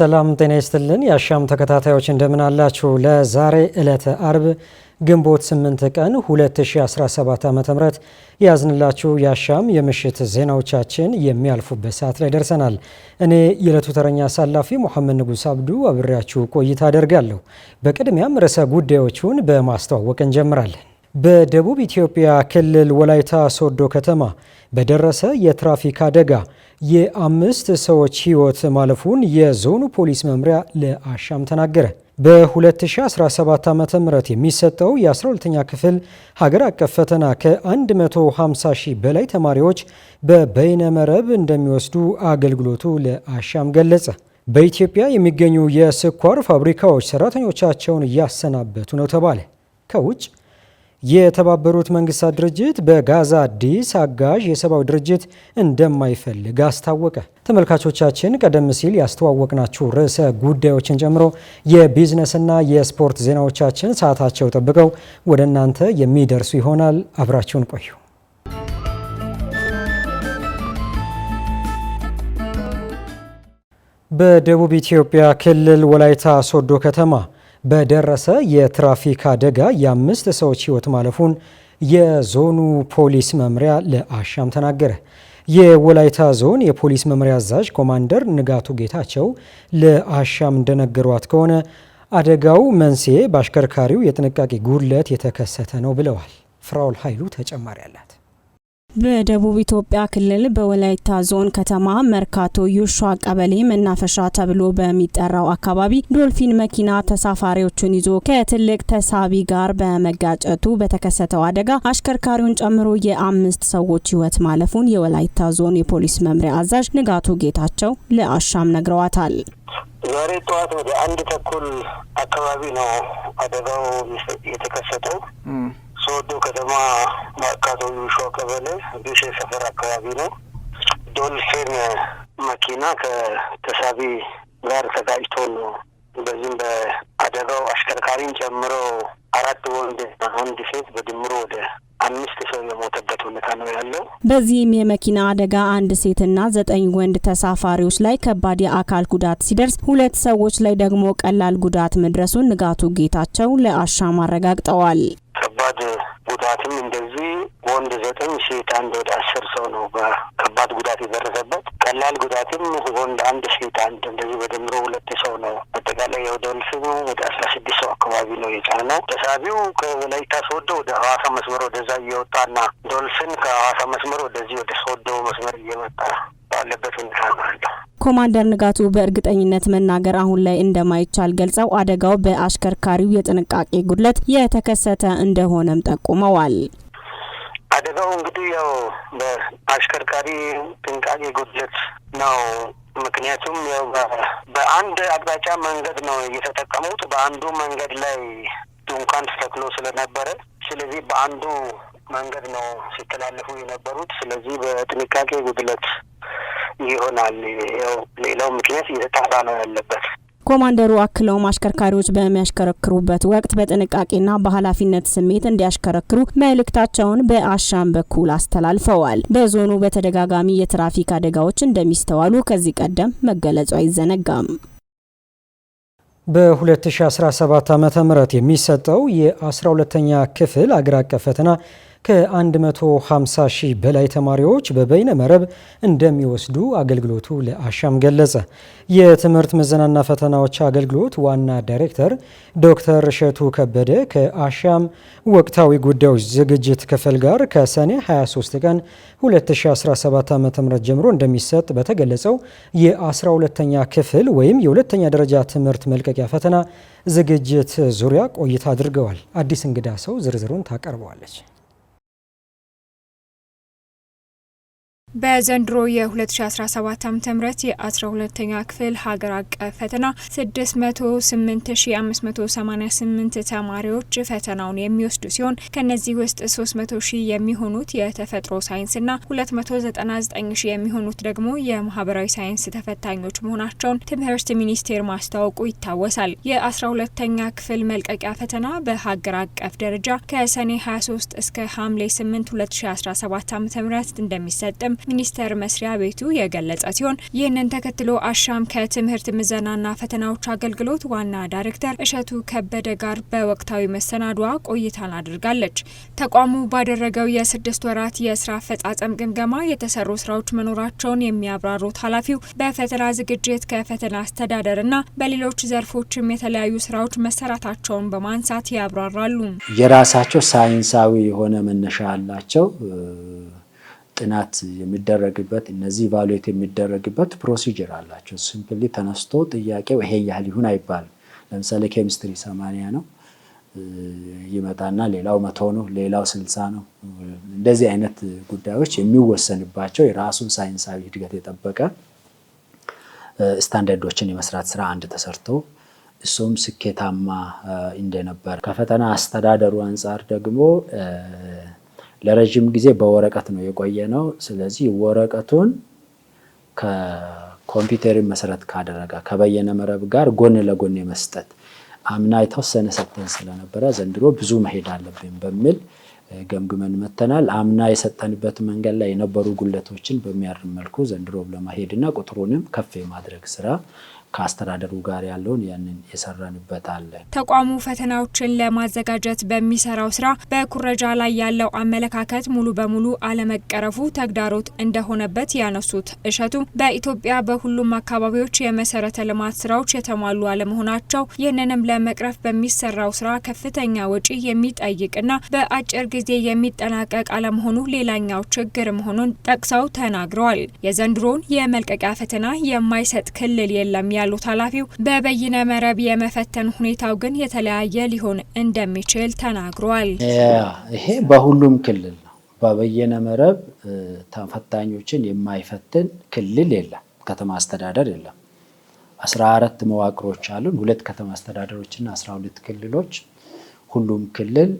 ሰላም ጤና ይስጥልን። የአሻም ተከታታዮች እንደምን አላችሁ? ለዛሬ ዕለተ አርብ ግንቦት 8 ቀን 2017 ዓ ም ያዝንላችሁ የአሻም የምሽት ዜናዎቻችን የሚያልፉበት ሰዓት ላይ ደርሰናል። እኔ የዕለቱ ተረኛ አሳላፊ ሙሐመድ ንጉስ አብዱ አብሬያችሁ ቆይታ አደርጋለሁ። በቅድሚያም ርዕሰ ጉዳዮቹን በማስተዋወቅ እንጀምራለን። በደቡብ ኢትዮጵያ ክልል ወላይታ ሶዶ ከተማ በደረሰ የትራፊክ አደጋ የአምስት ሰዎች ሕይወት ማለፉን የዞኑ ፖሊስ መምሪያ ለአሻም ተናገረ። በ2017 ዓ ም የሚሰጠው የ12ኛ ክፍል ሀገር አቀፍ ፈተና ከ150 ሺህ በላይ ተማሪዎች በበይነመረብ እንደሚወስዱ አገልግሎቱ ለአሻም ገለጸ። በኢትዮጵያ የሚገኙ የስኳር ፋብሪካዎች ሰራተኞቻቸውን እያሰናበቱ ነው ተባለ። ከውጭ የተባበሩት መንግስታት ድርጅት በጋዛ አዲስ አጋዥ የሰብአዊ ድርጅት እንደማይፈልግ አስታወቀ። ተመልካቾቻችን ቀደም ሲል ያስተዋወቅናችሁ ርዕሰ ጉዳዮችን ጨምሮ የቢዝነስና የስፖርት ዜናዎቻችን ሰዓታቸው ጠብቀው ወደ እናንተ የሚደርሱ ይሆናል። አብራችሁን ቆዩ። በደቡብ ኢትዮጵያ ክልል ወላይታ ሶዶ ከተማ በደረሰ የትራፊክ አደጋ የአምስት ሰዎች ህይወት ማለፉን የዞኑ ፖሊስ መምሪያ ለአሻም ተናገረ። የወላይታ ዞን የፖሊስ መምሪያ አዛዥ ኮማንደር ንጋቱ ጌታቸው ለአሻም እንደነገሯት ከሆነ አደጋው መንስኤ በአሽከርካሪው የጥንቃቄ ጉድለት የተከሰተ ነው ብለዋል። ፍራውል ኃይሉ ተጨማሪ አለ። በደቡብ ኢትዮጵያ ክልል በወላይታ ዞን ከተማ መርካቶ ዩሿ ቀበሌ መናፈሻ ተብሎ በሚጠራው አካባቢ ዶልፊን መኪና ተሳፋሪዎችን ይዞ ከትልቅ ተሳቢ ጋር በመጋጨቱ በተከሰተው አደጋ አሽከርካሪውን ጨምሮ የአምስት ሰዎች ሕይወት ማለፉን የወላይታ ዞን የፖሊስ መምሪያ አዛዥ ንጋቱ ጌታቸው ለአሻም ነግረዋታል። ዛሬ ጠዋት ወደ አንድ ተኩል አካባቢ ነው አደጋው የተከሰተው። ሶዶ ከተማ ማካቶ ሸዋ ቀበሌ ዱሼ ሰፈር አካባቢ ነው። ዶልፌን መኪና ከተሳቢ ጋር ተጋጭቶ ነው። በዚህም በአደጋው አሽከርካሪን ጨምሮ አራት ወንድ፣ አንድ ሴት በድምሮ ወደ አምስት ሰው የሞተበት ሁኔታ ነው ያለው። በዚህም የመኪና አደጋ አንድ ሴትና ዘጠኝ ወንድ ተሳፋሪዎች ላይ ከባድ የአካል ጉዳት ሲደርስ ሁለት ሰዎች ላይ ደግሞ ቀላል ጉዳት መድረሱን ንጋቱ ጌታቸው ለአሻም አረጋግጠዋል። ከባድ ጉዳትም እንደዚህ ወንድ ዘጠኝ ሴት አንድ ወደ አስር ሰው ነው በከባድ ጉዳት የደረሰበት። ቀላል ጉዳትም ወንድ አንድ ሴት አንድ እንደዚህ በድምሮ ሁለት ሰው ነው። አጠቃላይ ወደ ወደ አስራ ስድስት ሰው አካባቢ ነው የጫነው። ተሳቢው ከወላይታ ሶዶ ወደ ሐዋሳ መስመር ወደዛ እየወጣና ዶልፍን ከሐዋሳ መስመር ወደዚህ ወደ ሶዶ መስመር እየመጣ ባለበት ሁኔታ ነው ያለው። ኮማንደር ንጋቱ በእርግጠኝነት መናገር አሁን ላይ እንደማይቻል ገልጸው አደጋው በአሽከርካሪው የጥንቃቄ ጉድለት የተከሰተ እንደሆነም ጠቁመዋል። አደጋው እንግዲህ ያው በአሽከርካሪ ጥንቃቄ ጉድለት ነው። ምክንያቱም ያው በአንድ አቅጣጫ መንገድ ነው የተጠቀሙት። በአንዱ መንገድ ላይ ድንኳን ተተክሎ ስለነበረ ስለዚህ በአንዱ መንገድ ነው ሲተላለፉ የነበሩት። ስለዚህ በጥንቃቄ ጉድለት ይሆናል። ያው ሌላው ምክንያት እየተጣራ ነው ያለበት። ኮማንደሩ አክለውም አሽከርካሪዎች በሚያሽከረክሩበት ወቅት በጥንቃቄና በኃላፊነት ስሜት እንዲያሽከረክሩ መልእክታቸውን በአሻም በኩል አስተላልፈዋል። በዞኑ በተደጋጋሚ የትራፊክ አደጋዎች እንደሚስተዋሉ ከዚህ ቀደም መገለጹ አይዘነጋም። በ2017 ዓ ም የሚሰጠው የ12ተኛ ክፍል አገር አቀፍ ፈተና ከ150 ሺህ በላይ ተማሪዎች በበይነ መረብ እንደሚወስዱ አገልግሎቱ ለአሻም ገለጸ። የትምህርት ምዘናና ፈተናዎች አገልግሎት ዋና ዳይሬክተር ዶክተር እሸቱ ከበደ ከአሻም ወቅታዊ ጉዳዮች ዝግጅት ክፍል ጋር ከሰኔ 23 ቀን 2017 ዓ.ም ጀምሮ እንደሚሰጥ በተገለጸው የ12ተኛ ክፍል ወይም የሁለተኛ ደረጃ ትምህርት መልቀቂያ ፈተና ዝግጅት ዙሪያ ቆይታ አድርገዋል። አዲስ እንግዳ ሰው ዝርዝሩን ታቀርበዋለች። በዘንድሮ የ2017 ዓ ም የ 12 ኛ ክፍል ሀገር አቀፍ ፈተና 608588 ተማሪዎች ፈተናውን የሚወስዱ ሲሆን ከነዚህ ውስጥ 300 ሺህ የሚሆኑት የተፈጥሮ ሳይንስና 299 ሺህ የሚሆኑት ደግሞ የማህበራዊ ሳይንስ ተፈታኞች መሆናቸውን ትምህርት ሚኒስቴር ማስታወቁ ይታወሳል። 12 ኛ ክፍል መልቀቂያ ፈተና በሀገር አቀፍ ደረጃ ከሰኔ 23 እስከ ሐምሌ 8 2017 ዓ ም እንደሚሰጥም ሚኒስቴር መስሪያ ቤቱ የገለጸ ሲሆን ይህንን ተከትሎ አሻም ከትምህርት ምዘናና ፈተናዎች አገልግሎት ዋና ዳይሬክተር እሸቱ ከበደ ጋር በወቅታዊ መሰናዷ ቆይታን አድርጋለች። ተቋሙ ባደረገው የስድስት ወራት የስራ አፈጻጸም ግምገማ የተሰሩ ስራዎች መኖራቸውን የሚያብራሩት ኃላፊው በፈተና ዝግጅት ከፈተና አስተዳደርና በሌሎች ዘርፎችም የተለያዩ ስራዎች መሰራታቸውን በማንሳት ያብራራሉ። የራሳቸው ሳይንሳዊ የሆነ መነሻ አላቸው። ጥናት የሚደረግበት እነዚህ ቫሉዌት የሚደረግበት ፕሮሲጀር አላቸው። ሲምፕሊ ተነስቶ ጥያቄው ይሄ ያህል ይሁን አይባልም። ለምሳሌ ኬሚስትሪ ሰማንያ ነው ይመጣና ሌላው መቶ ነው፣ ሌላው ስልሳ ነው። እንደዚህ አይነት ጉዳዮች የሚወሰንባቸው የራሱን ሳይንሳዊ እድገት የጠበቀ ስታንዳርዶችን የመስራት ስራ አንድ ተሰርቶ እሱም ስኬታማ እንደነበር ከፈተና አስተዳደሩ አንጻር ደግሞ ለረዥም ጊዜ በወረቀት ነው የቆየ ነው። ስለዚህ ወረቀቱን ከኮምፒውተር መሰረት ካደረገ ከበየነ መረብ ጋር ጎን ለጎን የመስጠት አምና የተወሰነ ሰጠን ስለነበረ ዘንድሮ ብዙ መሄድ አለብን በሚል ገምግመን መተናል። አምና የሰጠንበት መንገድ ላይ የነበሩ ጉለቶችን በሚያርም መልኩ ዘንድሮ ለማሄድና ቁጥሩንም ከፍ የማድረግ ስራ ከአስተዳደሩ ጋር ያለውን ያንን የሰራንበት አለ። ተቋሙ ፈተናዎችን ለማዘጋጀት በሚሰራው ስራ በኩረጃ ላይ ያለው አመለካከት ሙሉ በሙሉ አለመቀረፉ ተግዳሮት እንደሆነበት ያነሱት እሸቱ በኢትዮጵያ በሁሉም አካባቢዎች የመሰረተ ልማት ስራዎች የተሟሉ አለመሆናቸው ይህንንም ለመቅረፍ በሚሰራው ስራ ከፍተኛ ወጪ የሚጠይቅና በአጭር ጊዜ የሚጠናቀቅ አለመሆኑ ሌላኛው ችግር መሆኑን ጠቅሰው ተናግረዋል። የዘንድሮውን የመልቀቂያ ፈተና የማይሰጥ ክልል የለም ያሉት ኃላፊው በበይነ መረብ የመፈተን ሁኔታው ግን የተለያየ ሊሆን እንደሚችል ተናግሯል። ይሄ በሁሉም ክልል ነው። በበይነ መረብ ተፈታኞችን የማይፈትን ክልል የለም፣ ከተማ አስተዳደር የለም። አስራ አራት መዋቅሮች አሉን። ሁለት ከተማ አስተዳደሮችና አስራ ሁለት ክልሎች። ሁሉም ክልል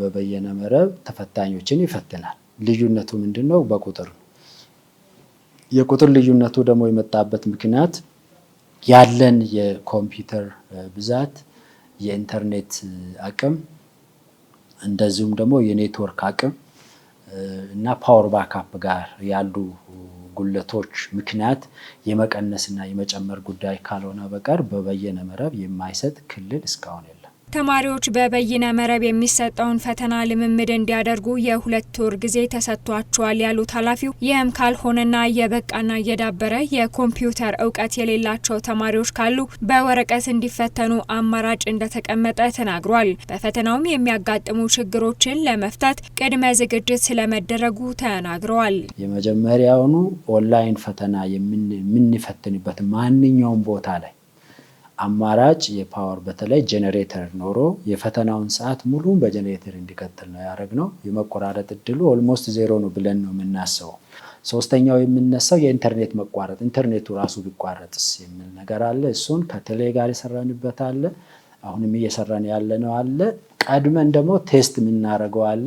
በበየነ መረብ ተፈታኞችን ይፈትናል። ልዩነቱ ምንድን ነው? በቁጥር ነው። የቁጥር ልዩነቱ ደግሞ የመጣበት ምክንያት ያለን የኮምፒውተር ብዛት፣ የኢንተርኔት አቅም እንደዚሁም ደግሞ የኔትወርክ አቅም እና ፓወር ባካፕ ጋር ያሉ ጉለቶች ምክንያት የመቀነስና የመጨመር ጉዳይ ካልሆነ በቀር በበየነ መረብ የማይሰጥ ክልል እስካሁን የለም። ተማሪዎች በበይነ መረብ የሚሰጠውን ፈተና ልምምድ እንዲያደርጉ የሁለት ወር ጊዜ ተሰጥቷቸዋል ያሉት ኃላፊው ይህም ካልሆነና የበቃና እየዳበረ የኮምፒውተር እውቀት የሌላቸው ተማሪዎች ካሉ በወረቀት እንዲፈተኑ አማራጭ እንደተቀመጠ ተናግሯል። በፈተናውም የሚያጋጥሙ ችግሮችን ለመፍታት ቅድመ ዝግጅት ስለመደረጉ ተናግረዋል። የመጀመሪያውኑ ኦንላይን ፈተና የምንፈትንበት ማንኛውም ቦታ ላይ አማራጭ የፓወር በተለይ ጀኔሬተር ኖሮ የፈተናውን ሰዓት ሙሉን በጀኔሬተር እንዲቀጥል ነው ያደረግነው። የመቆራረጥ እድሉ ኦልሞስት ዜሮ ነው ብለን ነው የምናስበው። ሶስተኛው የምነሳው የኢንተርኔት መቋረጥ፣ ኢንተርኔቱ ራሱ ቢቋረጥስ የሚል ነገር አለ። እሱን ከቴሌ ጋር የሰራንበት አለ፣ አሁንም እየሰራን ያለ ነው አለ። ቀድመን ደግሞ ቴስት የምናደርገው አለ።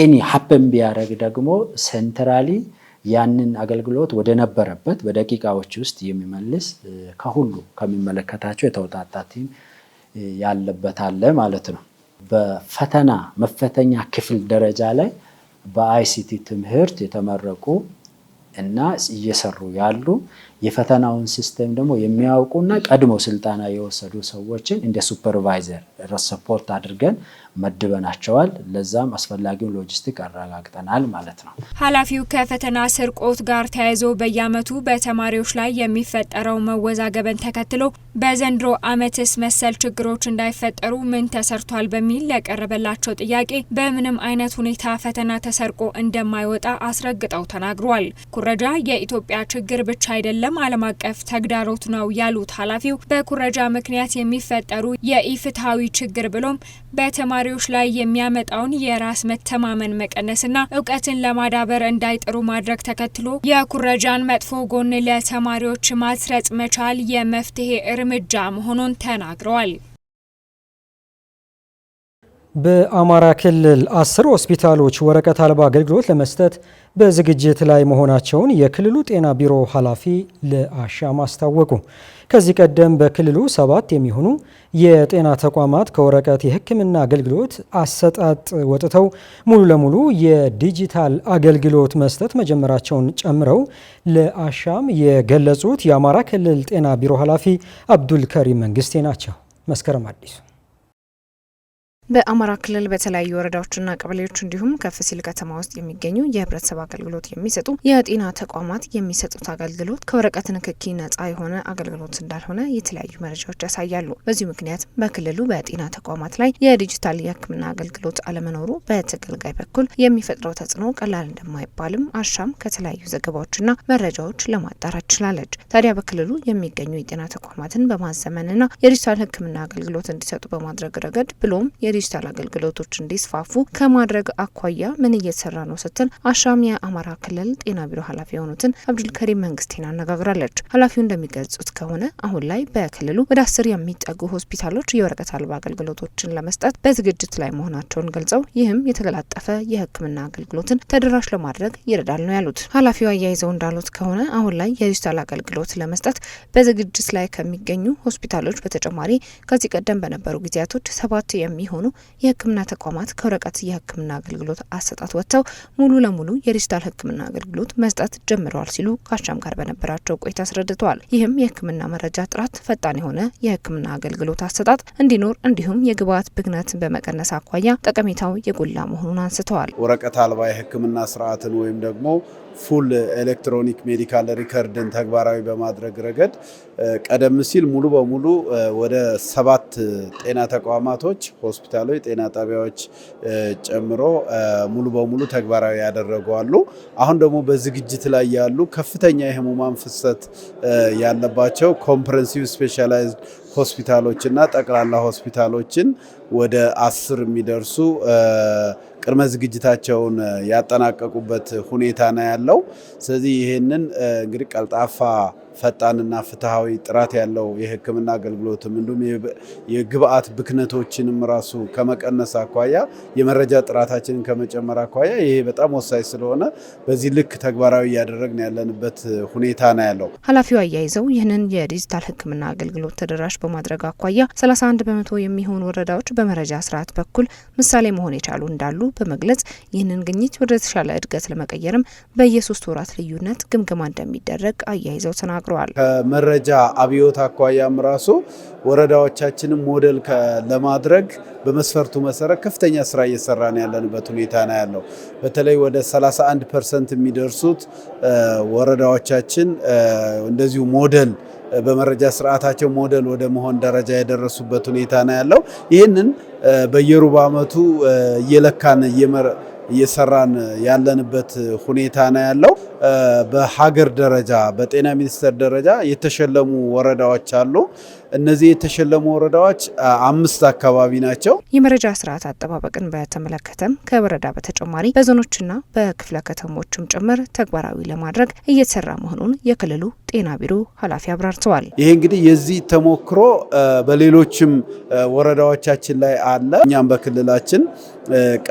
ኤኒ ሀፕን ቢያደርግ ደግሞ ሴንትራሊ ያንን አገልግሎት ወደ ነበረበት በደቂቃዎች ውስጥ የሚመልስ ከሁሉ ከሚመለከታቸው የተውጣጣ ቲም ያለበት አለ ማለት ነው። በፈተና መፈተኛ ክፍል ደረጃ ላይ በአይሲቲ ትምህርት የተመረቁ እና እየሰሩ ያሉ የፈተናውን ሲስተም ደግሞ የሚያውቁና ቀድሞ ስልጠና የወሰዱ ሰዎችን እንደ ሱፐርቫይዘር ሰፖርት አድርገን መድበናቸዋል። ለዛም አስፈላጊውን ሎጂስቲክ አረጋግጠናል ማለት ነው። ኃላፊው ከፈተና ስርቆት ጋር ተያይዞ በየዓመቱ በተማሪዎች ላይ የሚፈጠረው መወዛገበን ተከትሎ በዘንድሮ አመትስ መሰል ችግሮች እንዳይፈጠሩ ምን ተሰርቷል በሚል ለቀረበላቸው ጥያቄ በምንም አይነት ሁኔታ ፈተና ተሰርቆ እንደማይወጣ አስረግጠው ተናግሯል። ኩረጃ የኢትዮጵያ ችግር ብቻ አይደለም በመጠቀም ዓለም አቀፍ ተግዳሮት ነው ያሉት ኃላፊው በኩረጃ ምክንያት የሚፈጠሩ የኢፍትሐዊ ችግር ብሎም በተማሪዎች ላይ የሚያመጣውን የራስ መተማመን መቀነስና እውቀትን ለማዳበር እንዳይጥሩ ማድረግ ተከትሎ የኩረጃን መጥፎ ጎን ለተማሪዎች ማስረጽ መቻል የመፍትሄ እርምጃ መሆኑን ተናግረዋል። በአማራ ክልል አስር ሆስፒታሎች ወረቀት አልባ አገልግሎት ለመስጠት በዝግጅት ላይ መሆናቸውን የክልሉ ጤና ቢሮ ኃላፊ ለአሻም አስታወቁ። ከዚህ ቀደም በክልሉ ሰባት የሚሆኑ የጤና ተቋማት ከወረቀት የሕክምና አገልግሎት አሰጣጥ ወጥተው ሙሉ ለሙሉ የዲጂታል አገልግሎት መስጠት መጀመራቸውን ጨምረው ለአሻም የገለጹት የአማራ ክልል ጤና ቢሮ ኃላፊ አብዱልከሪም መንግስቴ ናቸው። መስከረም አዲሱ በአማራ ክልል በተለያዩ ወረዳዎችና ቀበሌዎች እንዲሁም ከፍ ሲል ከተማ ውስጥ የሚገኙ የህብረተሰብ አገልግሎት የሚሰጡ የጤና ተቋማት የሚሰጡት አገልግሎት ከወረቀት ንክኪ ነጻ የሆነ አገልግሎት እንዳልሆነ የተለያዩ መረጃዎች ያሳያሉ። በዚሁ ምክንያት በክልሉ በጤና ተቋማት ላይ የዲጂታል የህክምና አገልግሎት አለመኖሩ በተገልጋይ በኩል የሚፈጥረው ተጽዕኖ ቀላል እንደማይባልም አሻም ከተለያዩ ዘገባዎችና መረጃዎች ለማጣራት ችላለች። ታዲያ በክልሉ የሚገኙ የጤና ተቋማትን በማዘመንና የዲጂታል ህክምና አገልግሎት እንዲሰጡ በማድረግ ረገድ ብሎም ዲጂታል አገልግሎቶች እንዲስፋፉ ከማድረግ አኳያ ምን እየተሰራ ነው ስትል አሻም የአማራ ክልል ጤና ቢሮ ኃላፊ የሆኑትን አብዱልከሪም መንግስቴን አነጋግራለች። ኃላፊው እንደሚገልጹት ከሆነ አሁን ላይ በክልሉ ወደ አስር የሚጠጉ ሆስፒታሎች የወረቀት አልባ አገልግሎቶችን ለመስጠት በዝግጅት ላይ መሆናቸውን ገልጸው ይህም የተቀላጠፈ የሕክምና አገልግሎትን ተደራሽ ለማድረግ ይረዳል ነው ያሉት። ኃላፊው አያይዘው እንዳሉት ከሆነ አሁን ላይ የዲጂታል አገልግሎት ለመስጠት በዝግጅት ላይ ከሚገኙ ሆስፒታሎች በተጨማሪ ከዚህ ቀደም በነበሩ ጊዜያቶች ሰባት የሚሆኑ የሚሆኑ የህክምና ተቋማት ከወረቀት የህክምና አገልግሎት አሰጣት ወጥተው ሙሉ ለሙሉ የዲጂታል ህክምና አገልግሎት መስጠት ጀምረዋል ሲሉ ከአሻም ጋር በነበራቸው ቆይታ አስረድተዋል። ይህም የህክምና መረጃ ጥራት፣ ፈጣን የሆነ የህክምና አገልግሎት አሰጣጥ እንዲኖር እንዲሁም የግብአት ብክነትን በመቀነስ አኳያ ጠቀሜታው የጎላ መሆኑን አንስተዋል። ወረቀት አልባ የህክምና ስርዓትን ወይም ደግሞ ፉል ኤሌክትሮኒክ ሜዲካል ሪከርድን ተግባራዊ በማድረግ ረገድ ቀደም ሲል ሙሉ በሙሉ ወደ ሰባት ጤና ተቋማቶች፣ ሆስፒታሎች፣ ጤና ጣቢያዎች ጨምሮ ሙሉ በሙሉ ተግባራዊ ያደረጉ አሉ። አሁን ደግሞ በዝግጅት ላይ ያሉ ከፍተኛ የህሙማን ፍሰት ያለባቸው ኮምፕረንሲቭ ስፔሻላይዝድ ሆስፒታሎች እና ጠቅላላ ሆስፒታሎችን ወደ አስር የሚደርሱ ቅድመ ዝግጅታቸውን ያጠናቀቁበት ሁኔታ ነው ያለው። ስለዚህ ይህንን እንግዲህ ቀልጣፋ ፈጣንና ፍትሐዊ ጥራት ያለው የሕክምና አገልግሎትም እንዲሁም የግብአት ብክነቶችንም ራሱ ከመቀነስ አኳያ የመረጃ ጥራታችንን ከመጨመር አኳያ ይሄ በጣም ወሳኝ ስለሆነ በዚህ ልክ ተግባራዊ እያደረግን ያለንበት ሁኔታ ነው ያለው። ኃላፊው አያይዘው ይህንን የዲጂታል ሕክምና አገልግሎት ተደራሽ በማድረግ አኳያ 31 በመቶ የሚሆኑ ወረዳዎች በመረጃ ስርዓት በኩል ምሳሌ መሆን የቻሉ እንዳሉ በመግለጽ ይህንን ግኝት ወደ ተሻለ እድገት ለመቀየርም በየሶስት ወራት ልዩነት ግምገማ እንደሚደረግ አያይዘው ተናግ ተናግረዋል። ከመረጃ አብዮት አኳያም ራሱ ወረዳዎቻችንም ሞዴል ለማድረግ በመስፈርቱ መሰረት ከፍተኛ ስራ እየሰራን ያለንበት ሁኔታ ነው ያለው። በተለይ ወደ 31 ፐርሰንት የሚደርሱት ወረዳዎቻችን እንደዚሁ ሞዴል በመረጃ ስርዓታቸው ሞዴል ወደ መሆን ደረጃ የደረሱበት ሁኔታ ነው ያለው። ይህንን በየሩብ ዓመቱ እየለካን እየሰራን ያለንበት ሁኔታ ነው ያለው። በሀገር ደረጃ በጤና ሚኒስቴር ደረጃ የተሸለሙ ወረዳዎች አሉ። እነዚህ የተሸለሙ ወረዳዎች አምስት አካባቢ ናቸው። የመረጃ ስርዓት አጠባበቅን በተመለከተም ከወረዳ በተጨማሪ በዞኖችና በክፍለ ከተሞችም ጭምር ተግባራዊ ለማድረግ እየተሰራ መሆኑን የክልሉ ጤና ቢሮ ኃላፊ አብራርተዋል። ይሄ እንግዲህ የዚህ ተሞክሮ በሌሎችም ወረዳዎቻችን ላይ አለ። እኛም በክልላችን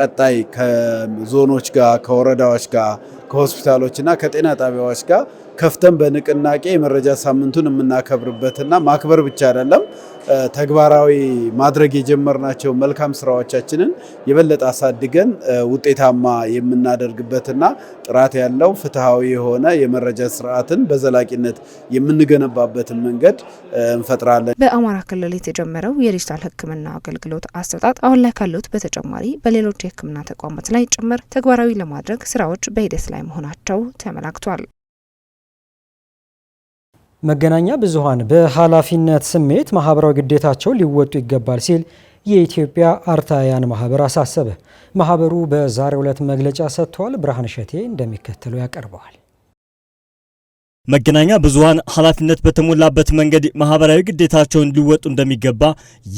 ቀጣይ ከዞኖች ጋር ከወረዳዎች ጋር ከሆስፒታሎችና ከጤና ጣቢያዎች ጋር ከፍተን በንቅናቄ የመረጃ ሳምንቱን የምናከብርበትና ማክበር ብቻ አይደለም ተግባራዊ ማድረግ የጀመርናቸው መልካም ስራዎቻችንን የበለጠ አሳድገን ውጤታማ የምናደርግበትና ጥራት ያለው ፍትሐዊ የሆነ የመረጃ ስርዓትን በዘላቂነት የምንገነባበትን መንገድ እንፈጥራለን። በአማራ ክልል የተጀመረው የዲጂታል ሕክምና አገልግሎት አሰጣጥ አሁን ላይ ካሉት በተጨማሪ በሌሎች የሕክምና ተቋማት ላይ ጭምር ተግባራዊ ለማድረግ ስራዎች በሂደት ላይ መሆናቸው ተመላክቷል። መገናኛ ብዙሃን በኃላፊነት ስሜት ማህበራዊ ግዴታቸውን ሊወጡ ይገባል ሲል የኢትዮጵያ አርታያን ማህበር አሳሰበ። ማህበሩ በዛሬው ዕለት መግለጫ ሰጥቷል። ብርሃን እሸቴ እንደሚከተሉ ያቀርበዋል። መገናኛ ብዙሃን ኃላፊነት በተሞላበት መንገድ ማህበራዊ ግዴታቸውን ሊወጡ እንደሚገባ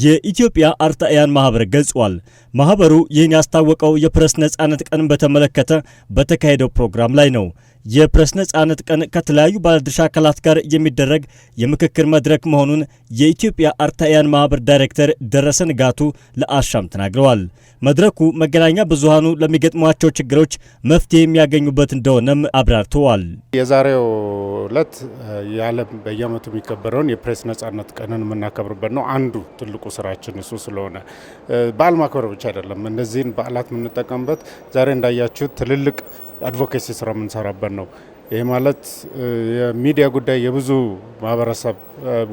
የኢትዮጵያ አርታያን ማህበር ገልጿል። ማህበሩ ይህን ያስታወቀው የፕረስ ነጻነት ቀን በተመለከተ በተካሄደው ፕሮግራም ላይ ነው። የፕሬስ ነጻነት ቀን ከተለያዩ ባለድርሻ አካላት ጋር የሚደረግ የምክክር መድረክ መሆኑን የኢትዮጵያ አርታያን ማህበር ዳይሬክተር ደረሰ ንጋቱ ለአሻም ተናግረዋል። መድረኩ መገናኛ ብዙሃኑ ለሚገጥሟቸው ችግሮች መፍትሄ የሚያገኙበት እንደሆነም አብራርተዋል። የዛሬው ዕለት የዓለም በየዓመቱ የሚከበረውን የፕሬስ ነጻነት ቀንን የምናከብርበት ነው። አንዱ ትልቁ ስራችን እሱ ስለሆነ በዓል ማክበር ብቻ አይደለም። እነዚህን በዓላት የምንጠቀምበት ዛሬ እንዳያችሁት ትልልቅ አድቮኬሲ ስራ የምንሰራበት ነው። ይህ ማለት የሚዲያ ጉዳይ የብዙ ማህበረሰብ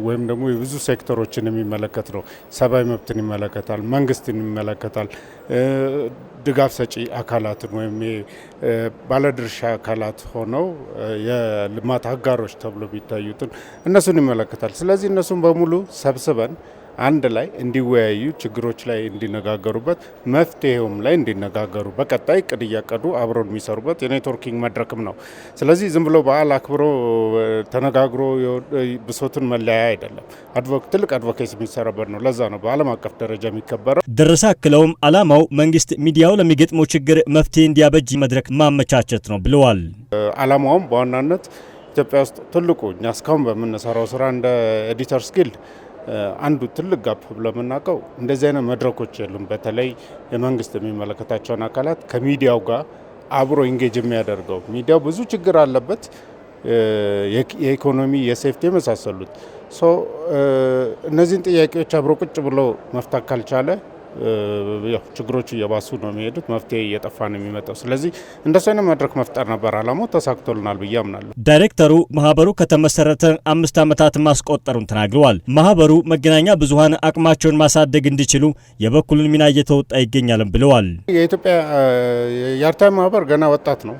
ወይም ደግሞ የብዙ ሴክተሮችን የሚመለከት ነው። ሰብአዊ መብትን ይመለከታል፣ መንግስትን ይመለከታል፣ ድጋፍ ሰጪ አካላትን ወይም ባለድርሻ አካላት ሆነው የልማት አጋሮች ተብሎ የሚታዩትን እነሱን ይመለከታል። ስለዚህ እነሱን በሙሉ ሰብስበን አንድ ላይ እንዲወያዩ ችግሮች ላይ እንዲነጋገሩበት መፍትሄውም ላይ እንዲነጋገሩ በቀጣይ እቅድ እያቀዱ አብረው የሚሰሩበት የኔትወርኪንግ መድረክም ነው። ስለዚህ ዝም ብሎ በዓል አክብሮ ተነጋግሮ ብሶትን መለያ አይደለም፣ ትልቅ አድቮኬሲ የሚሰራበት ነው። ለዛ ነው በዓለም አቀፍ ደረጃ የሚከበረው። ደረሰ አክለውም ዓላማው መንግስት ሚዲያው ለሚገጥመው ችግር መፍትሄ እንዲያበጅ መድረክ ማመቻቸት ነው ብለዋል። ዓላማውም በዋናነት ኢትዮጵያ ውስጥ ትልቁ እኛ እስካሁን በምንሰራው ስራ እንደ ኤዲተር ስኪል አንዱ ትልቅ ጋፕ ብሎ የምናውቀው እንደዚህ አይነት መድረኮች የሉም። በተለይ የመንግስት የሚመለከታቸውን አካላት ከሚዲያው ጋር አብሮ ኢንጌጅ የሚያደርገው ሚዲያው ብዙ ችግር አለበት፣ የኢኮኖሚ የሴፍቲ የመሳሰሉት እነዚህን ጥያቄዎች አብሮ ቁጭ ብሎ መፍታት ካልቻለ ችግሮቹ እየባሱ ነው የሚሄዱት፣ መፍትሄ እየጠፋ ነው የሚመጣው። ስለዚህ እንደሱ አይነት መድረክ መፍጠር ነበር አላማው፣ ተሳክቶልናል ብዬ አምናለሁ። ዳይሬክተሩ ማህበሩ ከተመሰረተ አምስት ዓመታት ማስቆጠሩን ተናግረዋል። ማህበሩ መገናኛ ብዙሀን አቅማቸውን ማሳደግ እንዲችሉ የበኩሉን ሚና እየተወጣ ይገኛልም ብለዋል። የኢትዮጵያ የአርታዊ ማህበር ገና ወጣት ነው።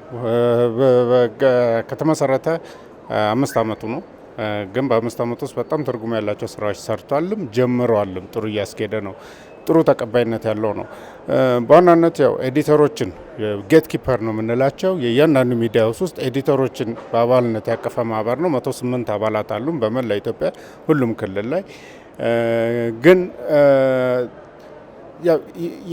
ከተመሰረተ አምስት ዓመቱ ነው ግን በአምስት ዓመት ውስጥ በጣም ትርጉም ያላቸው ስራዎች ሰርቷልም ጀምረዋልም። ጥሩ እያስኬደ ነው። ጥሩ ተቀባይነት ያለው ነው። በዋናነት ያው ኤዲተሮችን ጌት ኪፐር ነው የምንላቸው የእያንዳንዱ ሚዲያ ውስጥ ኤዲተሮችን በአባልነት ያቀፈ ማህበር ነው። መቶ ስምንት አባላት አሉን በመላ ኢትዮጵያ ሁሉም ክልል ላይ ግን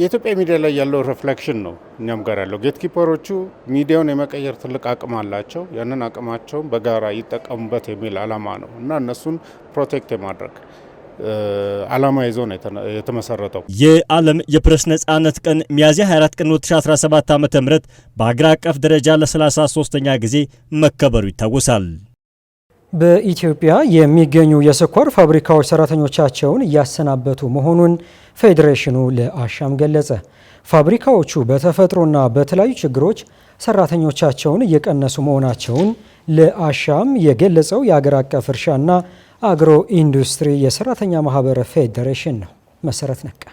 የኢትዮጵያ ሚዲያ ላይ ያለው ሪፍሌክሽን ነው እኛም ጋር ያለው። ጌት ኪፐሮቹ ሚዲያውን የመቀየር ትልቅ አቅም አላቸው። ያንን አቅማቸውን በጋራ ይጠቀሙበት የሚል አላማ ነው እና እነሱን ፕሮቴክት የማድረግ ዓላማ ይዞ ነው የተመሰረተው። የዓለም የፕሬስ ነጻነት ቀን ሚያዝያ 24 ቀን 2017 ዓ ም በአገር አቀፍ ደረጃ ለ33ኛ ጊዜ መከበሩ ይታወሳል። በኢትዮጵያ የሚገኙ የስኳር ፋብሪካዎች ሰራተኞቻቸውን እያሰናበቱ መሆኑን ፌዴሬሽኑ ለአሻም ገለጸ። ፋብሪካዎቹ በተፈጥሮና በተለያዩ ችግሮች ሰራተኞቻቸውን እየቀነሱ መሆናቸውን ለአሻም የገለጸው የአገር አቀፍ እርሻና አግሮ ኢንዱስትሪ የሰራተኛ ማህበር ፌዴሬሽን ነው። መሰረት ነቃ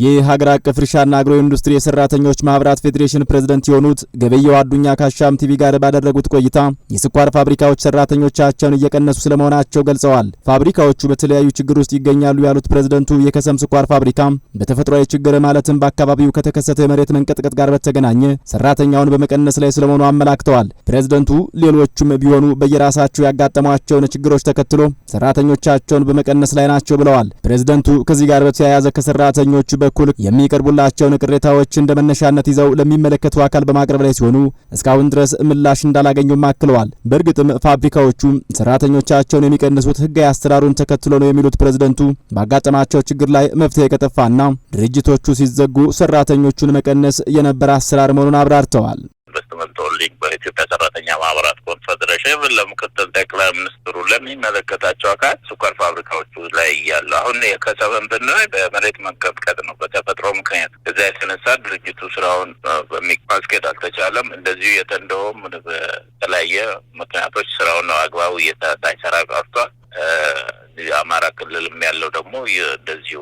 የሀገር አቀፍ እርሻና አግሮ ኢንዱስትሪ የሰራተኞች ማህበራት ፌዴሬሽን ፕሬዝደንት የሆኑት ገበየው አዱኛ ካሻም ቲቪ ጋር ባደረጉት ቆይታ የስኳር ፋብሪካዎች ሰራተኞቻቸውን እየቀነሱ ስለመሆናቸው ገልጸዋል። ፋብሪካዎቹ በተለያዩ ችግር ውስጥ ይገኛሉ ያሉት ፕሬዝደንቱ የከሰም ስኳር ፋብሪካ በተፈጥሯዊ ችግር ማለትም በአካባቢው ከተከሰተ የመሬት መንቀጥቀጥ ጋር በተገናኘ ሰራተኛውን በመቀነስ ላይ ስለመሆኑ አመላክተዋል። ፕሬዝደንቱ ሌሎቹም ቢሆኑ በየራሳቸው ያጋጠሟቸውን ችግሮች ተከትሎ ሰራተኞቻቸውን በመቀነስ ላይ ናቸው ብለዋል። ፕሬዝደንቱ ከዚህ ጋር በተያያዘ ከሰራተኞቹ በኩል የሚቀርቡላቸውን ቅሬታዎች እንደ መነሻነት ይዘው ለሚመለከቱ አካል በማቅረብ ላይ ሲሆኑ እስካሁን ድረስ ምላሽ እንዳላገኙም አክለዋል። በእርግጥም ፋብሪካዎቹ ሰራተኞቻቸውን የሚቀንሱት ህጋዊ አሰራሩን ተከትሎ ነው የሚሉት ፕሬዝደንቱ ባጋጠማቸው ችግር ላይ መፍትሄ ከጠፋና ድርጅቶቹ ሲዘጉ ሰራተኞቹን መቀነስ የነበረ አሰራር መሆኑን አብራርተዋል። ሊግ በኢትዮጵያ ሰራተኛ ማህበራት ኮንፌዴሬሽን ለምክትል ጠቅላይ ሚኒስትሩ ለሚመለከታቸው አካል ስኳር ፋብሪካዎቹ ላይ እያሉ አሁን የከሰበን ብናይ በመሬት መንቀጥቀጥ ነው በተፈጥሮ ምክንያት። እዛ የተነሳ ድርጅቱ ስራውን ማስኬድ አልተቻለም። እንደዚሁ የተንደውም በተለያየ ምክንያቶች ስራውን ነው አግባቡ ሳይሰራ ቀርቷል። አማራ ክልልም ያለው ደግሞ እንደዚሁ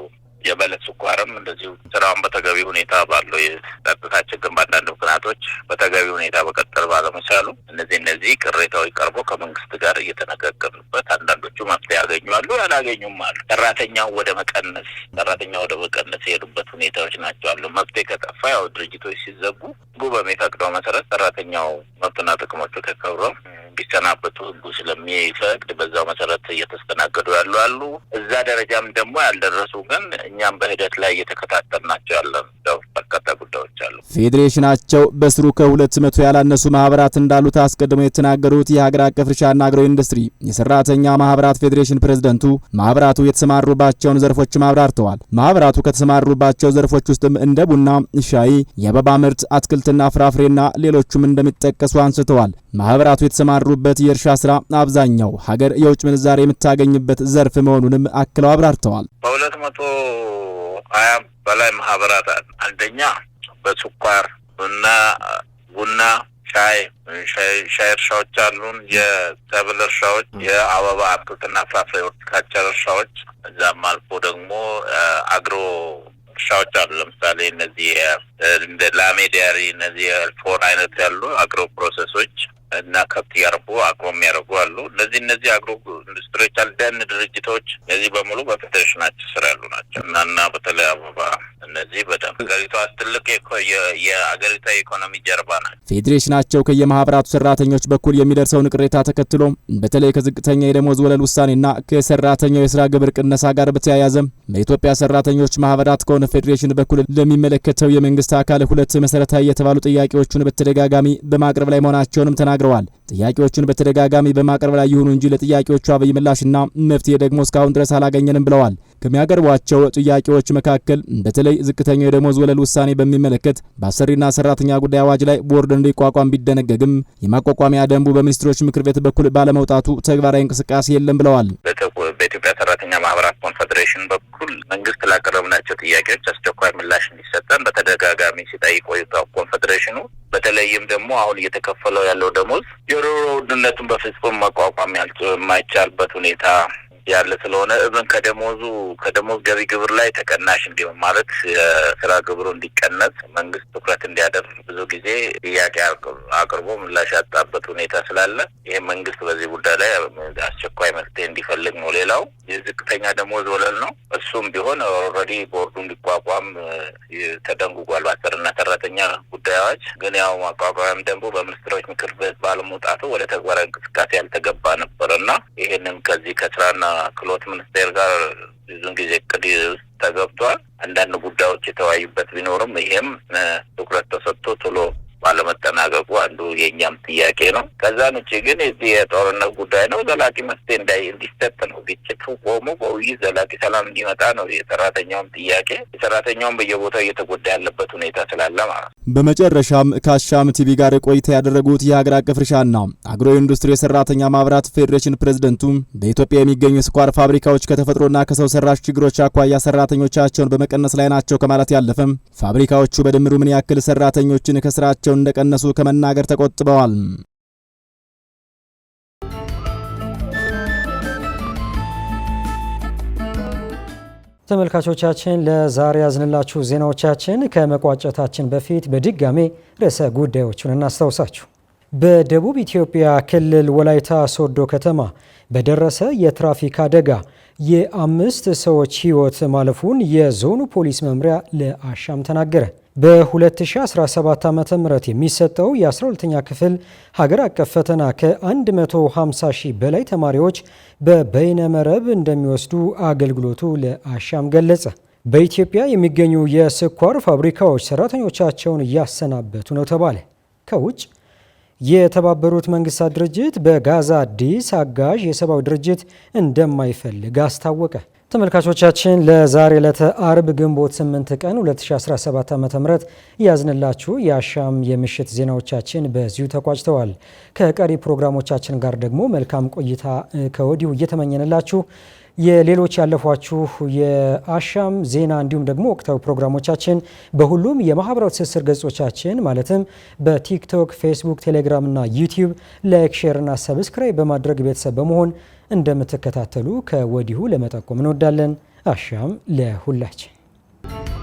የበለስ ስኳርም እንደዚሁ ስራውን በተገቢ ሁኔታ ባለው የጸጥታ ችግር በአንዳንድ ምክንያቶች በተገቢ ሁኔታ በቀጠል ባለመቻሉ እነዚህ እነዚህ ቅሬታዎች ቀርቦ ከመንግስት ጋር እየተነጋገርንበት አንዳንዶቹ መፍትሄ ያገኙአሉ፣ ያላገኙም አሉ። ሰራተኛው ወደ መቀነስ ሰራተኛ ወደ መቀነስ የሄዱበት ሁኔታዎች ናቸው አሉ። መፍትሄ ከጠፋ ያው ድርጅቶች ሲዘጉ ህጉ በሚፈቅደው መሰረት ሰራተኛው መብትና ጥቅሞቹ ተከብረው ቢሰናበቱ ህጉ ስለሚፈቅድ በዛው መሰረት እየተስተናገዱ ያሉ አሉ። እዛ ደረጃም ደግሞ ያልደረሱ ግን እኛም በሂደት ላይ እየተከታተልናቸው ያለው በርካታ ጉዳዮች አሉ። ፌዴሬሽናቸው በስሩ ከሁለት መቶ ያላነሱ ማህበራት እንዳሉት አስቀድመው የተናገሩት የሀገር አቀፍ እርሻና አግሮ ኢንዱስትሪ የሰራተኛ ማህበራት ፌዴሬሽን ፕሬዝደንቱ ማህበራቱ የተሰማሩባቸውን ዘርፎችም አብራርተዋል። ማህበራቱ ከተሰማሩባቸው ዘርፎች ውስጥም እንደ ቡና፣ ሻይ፣ የአበባ ምርት፣ አትክልትና ፍራፍሬና ሌሎቹም እንደሚጠቀሱ አንስተዋል። ማህበራቱ የተሰማሩበት የእርሻ ስራ አብዛኛው ሀገር የውጭ ምንዛሬ የምታገኝበት ዘርፍ መሆኑንም አክለው አብራርተዋል። በሁለት መቶ ሀያ በላይ ማህበራት አንደኛ በስኳር ቡና ቡና ሻይ ሻይ እርሻዎች አሉን። የሰብል እርሻዎች፣ የአበባ አትክልትና ፍራፍሬ ሆርቲካልቸር እርሻዎች፣ እዛም አልፎ ደግሞ አግሮ እርሻዎች አሉ። ለምሳሌ እነዚህ እንደ ላሜ ዲያሪ እነዚህ ፎን አይነት ያሉ አግሮ ፕሮሰሶች እና ከብት ያርቡ አግሮ የሚያደርጉ አሉ። እነዚህ እነዚህ አግሮ ኢንዱስትሪዎች አልደን ድርጅቶች እነዚህ በሙሉ በፌዴሬሽናቸው ስራ ያሉ ናቸው እና እና በተለይ አበባ እነዚህ በጣም ሀገሪቷ ትልቅ የሀገሪቷ የኢኮኖሚ ጀርባ ናቸው። ፌዴሬሽናቸው ከየማህበራቱ ሰራተኞች በኩል የሚደርሰውን ቅሬታ ተከትሎ በተለይ ከዝቅተኛ የደሞዝ ወለል ውሳኔና ከሰራተኛው የስራ ግብር ቅነሳ ጋር በተያያዘ በኢትዮጵያ ሰራተኞች ማህበራት ከሆነ ፌዴሬሽን በኩል ለሚመለከተው የመንግስት አካል ሁለት መሰረታዊ የተባሉ ጥያቄዎቹን በተደጋጋሚ በማቅረብ ላይ መሆናቸውንም ተናግረዋል። ጥያቄዎቹን በተደጋጋሚ በማቅረብ ላይ ይሁኑ እንጂ ለጥያቄዎቹ አብይ ምላሽና መፍትሄ ደግሞ እስካሁን ድረስ አላገኘንም ብለዋል። ከሚያቀርቧቸው ጥያቄዎች መካከል በተለይ ዝቅተኛው የደሞዝ ወለል ውሳኔ በሚመለከት በአሰሪና ሰራተኛ ጉዳይ አዋጅ ላይ ቦርድ እንዲቋቋም ቢደነገግም የማቋቋሚያ ደንቡ በሚኒስትሮች ምክር ቤት በኩል ባለመውጣቱ ተግባራዊ እንቅስቃሴ የለም ብለዋል። ሰራተኛ ማህበራት ኮንፌዴሬሽን በኩል መንግስት ላቀረብናቸው ጥያቄዎች አስቸኳይ ምላሽ እንዲሰጠን በተደጋጋሚ ሲጠይቅ ቆይቷል። ኮንፌዴሬሽኑ በተለይም ደግሞ አሁን እየተከፈለው ያለው ደሞዝ የኑሮ ውድነቱን በፍጹም መቋቋም የማይቻልበት ሁኔታ ያለ ስለሆነ እብን ከደሞዙ ከደሞዝ ገቢ ግብር ላይ ተቀናሽ እንዲሆን ማለት የስራ ግብሩ እንዲቀነስ መንግስት ትኩረት እንዲያደርግ ብዙ ጊዜ ጥያቄ አቅርቦ ምላሽ ያጣበት ሁኔታ ስላለ ይህ መንግስት በዚህ ጉዳይ ላይ አስቸኳይ መፍትሄ እንዲፈልግ ነው። ሌላው የዝቅተኛ ደሞዝ ወለል ነው። እሱም ቢሆን ኦልሬዲ ቦርዱ እንዲቋቋም ተደንግጓል በአሰሪና ሰራተኛ ጉዳዮች። ግን ያው ማቋቋሚያም ደንቡ በሚኒስትሮች አለመውጣቱ ወደ ተግባራዊ እንቅስቃሴ ያልተገባ ነበር እና ይህንን ከዚህ ከስራና ክህሎት ሚኒስቴር ጋር ብዙን ጊዜ ቅድ ውስጥ ተገብቷል። አንዳንድ ጉዳዮች የተወያዩበት ቢኖርም ይህም ትኩረት ተሰጥቶ ቶሎ ባለመጠናቀቁ አንዱ የእኛም ጥያቄ ነው። ከዛን ውጭ ግን እዚህ የጦርነት ጉዳይ ነው ዘላቂ መፍትሄ እንዳይ እንዲሰጥ ነው። ግጭቱ ቆሞ በውይይት ዘላቂ ሰላም እንዲመጣ ነው የሰራተኛውም ጥያቄ። የሰራተኛውም በየቦታው እየተጎዳ ያለበት ሁኔታ ስላለ ማለት ነው። በመጨረሻም ከአሻም ቲቪ ጋር ቆይታ ያደረጉት የሀገር አቀፍ እርሻና አግሮ ኢንዱስትሪ የሰራተኛ ማህበራት ፌዴሬሽን ፕሬዝደንቱ በኢትዮጵያ የሚገኙ የስኳር ፋብሪካዎች ከተፈጥሮና ከሰው ሰራሽ ችግሮች አኳያ ሰራተኞቻቸውን በመቀነስ ላይ ናቸው ከማለት ያለፈም ፋብሪካዎቹ በድምሩ ምን ያክል ሰራተኞችን ከስራቸው ቁጥራቸውን እንደቀነሱ ከመናገር ተቆጥበዋል። ተመልካቾቻችን ለዛሬ ያዝንላችሁ ዜናዎቻችን ከመቋጨታችን በፊት በድጋሜ ርዕሰ ጉዳዮቹን እናስታውሳችሁ። በደቡብ ኢትዮጵያ ክልል ወላይታ ሶዶ ከተማ በደረሰ የትራፊክ አደጋ የአምስት ሰዎች ሕይወት ማለፉን የዞኑ ፖሊስ መምሪያ ለአሻም ተናገረ። በ2017 ዓ ም የሚሰጠው የ12ኛ ክፍል ሀገር አቀፍ ፈተና ከ150 ሺህ በላይ ተማሪዎች በበይነመረብ እንደሚወስዱ አገልግሎቱ ለአሻም ገለጸ። በኢትዮጵያ የሚገኙ የስኳር ፋብሪካዎች ሰራተኞቻቸውን እያሰናበቱ ነው ተባለ። ከውጭ የተባበሩት መንግስታት ድርጅት በጋዛ አዲስ አጋዥ የሰብአዊ ድርጅት እንደማይፈልግ አስታወቀ። ተመልካቾቻችን ለዛሬ ዕለተ አርብ ግንቦት 8 ቀን 2017 ዓ.ም ያዝንላችሁ የአሻም የምሽት ዜናዎቻችን በዚሁ ተቋጭተዋል። ከቀሪ ፕሮግራሞቻችን ጋር ደግሞ መልካም ቆይታ ከወዲሁ እየተመኘንላችሁ የሌሎች ያለፏችሁ የአሻም ዜና እንዲሁም ደግሞ ወቅታዊ ፕሮግራሞቻችን በሁሉም የማህበራዊ ትስስር ገጾቻችን ማለትም በቲክቶክ፣ ፌስቡክ፣ ቴሌግራም እና ዩቲዩብ ላይክ፣ ሼር እና ሰብስክራይብ በማድረግ ቤተሰብ በመሆን እንደምትከታተሉ ከወዲሁ ለመጠቆም እንወዳለን። አሻም ለሁላችን።